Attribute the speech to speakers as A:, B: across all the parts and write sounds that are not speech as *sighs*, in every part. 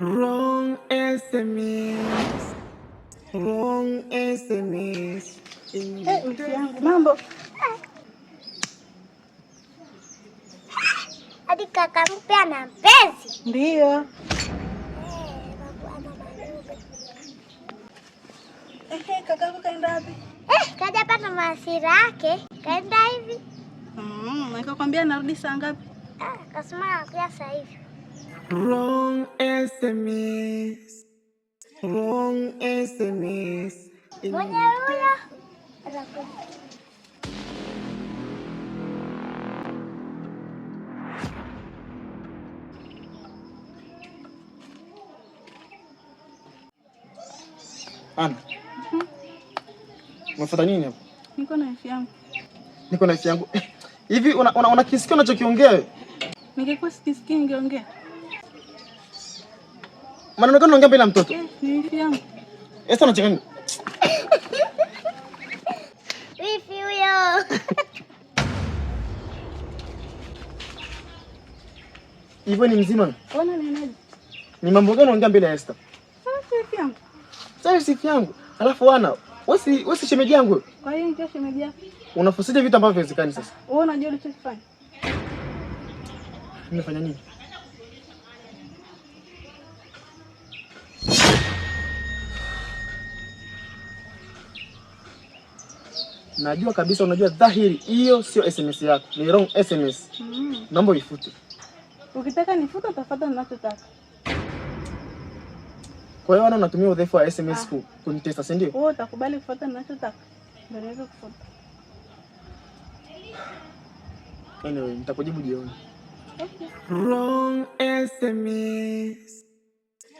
A: Wrong SMS. Wrong SMS.
B: Hey, mambo.
C: Hadi kaka mpya na mpenzi.
B: Ndio. Hey, kaka
C: eh, yake. Kaenda hivi.
B: Mm, nikakwambia narudi saa ngapi?
C: Ah, kasema anakuja sasa hivi.
A: Wrong SMS. Wrong SMS.
C: Ngoja huyo.
D: Ana. Unafuata nini hapo?
B: Niko na ifi yangu.
D: Niko na ifi yangu. Eh, hivi una, una, una kisikio unachokiongea?
B: Ningekuwa sikisikii ningeongea.
D: Manaonekana unaongea mbele ya mtoto. Esther unacheka nini?
C: Wifi huyo.
D: Hivyo ni mzima. Ona nani? Ni mambo gani unaongea mbele ya Sasa sifi yangu. Alafu wana, wewe wewe shemeji yangu.
B: Kwa hiyo ndio shemeji yako.
D: Unafusija vitu ambavyo haviwezekani sasa.
B: Wewe unajua ulichofanya.
D: Nimefanya nini? najua kabisa, unajua dhahiri hiyo sio SMS yako, ni wrong SMS. Mm. Naomba ifute.
B: Ukitaka nifute, utafuta ninachotaka.
D: Kwa hiyo wana unatumia udhaifu wa SMS ah. ku kunitesa, si ndio?
B: Wewe utakubali kufuta ninachotaka. Ndio naweza kufuta.
D: Anyway, nitakujibu jioni.
A: Okay. Wrong SMS.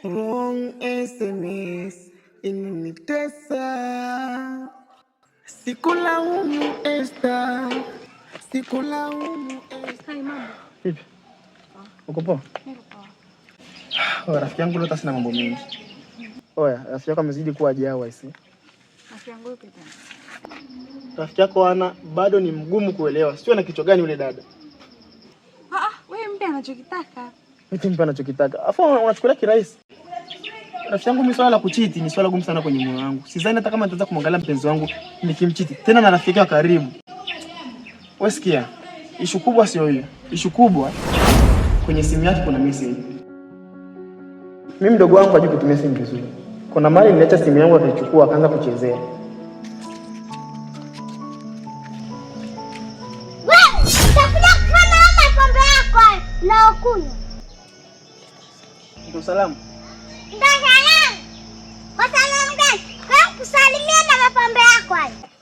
A: Wrong SMS. Inunitesa. Sikulaumu Esther. Sikulaumu
D: Vipi? Uko poa? *sighs* rafiki yangu leo tasina mambo mengi. Oya, rafiki yako amezidi kuwa jawa Rafiki yako ana bado ni mgumu kuelewa. Sio na kichwa gani yule dada?
B: Ah, ah mpe anachokitaka.
D: mpe anachokitaka. Afu unachukulia kirahisi rafiki yangu, mimi swala la kuchiti ni swala gumu sana kwenye moyo wangu. Sidhani hata kama nitaweza kumwangalia mpenzi wangu nikimchiti tena na rafiki wa karibu. Wewe sikia, ishu kubwa sio hiyo. Ishu kubwa kwenye simu yake kuna message. Mimi mdogo wangu hajui kutumia simu vizuri. Kuna mali niliacha simu yangu akaichukua akaanza kuchezea. Eh, salamu.
C: Ndio. Yaani. Watalanga kusalimia na mapambo yako haya.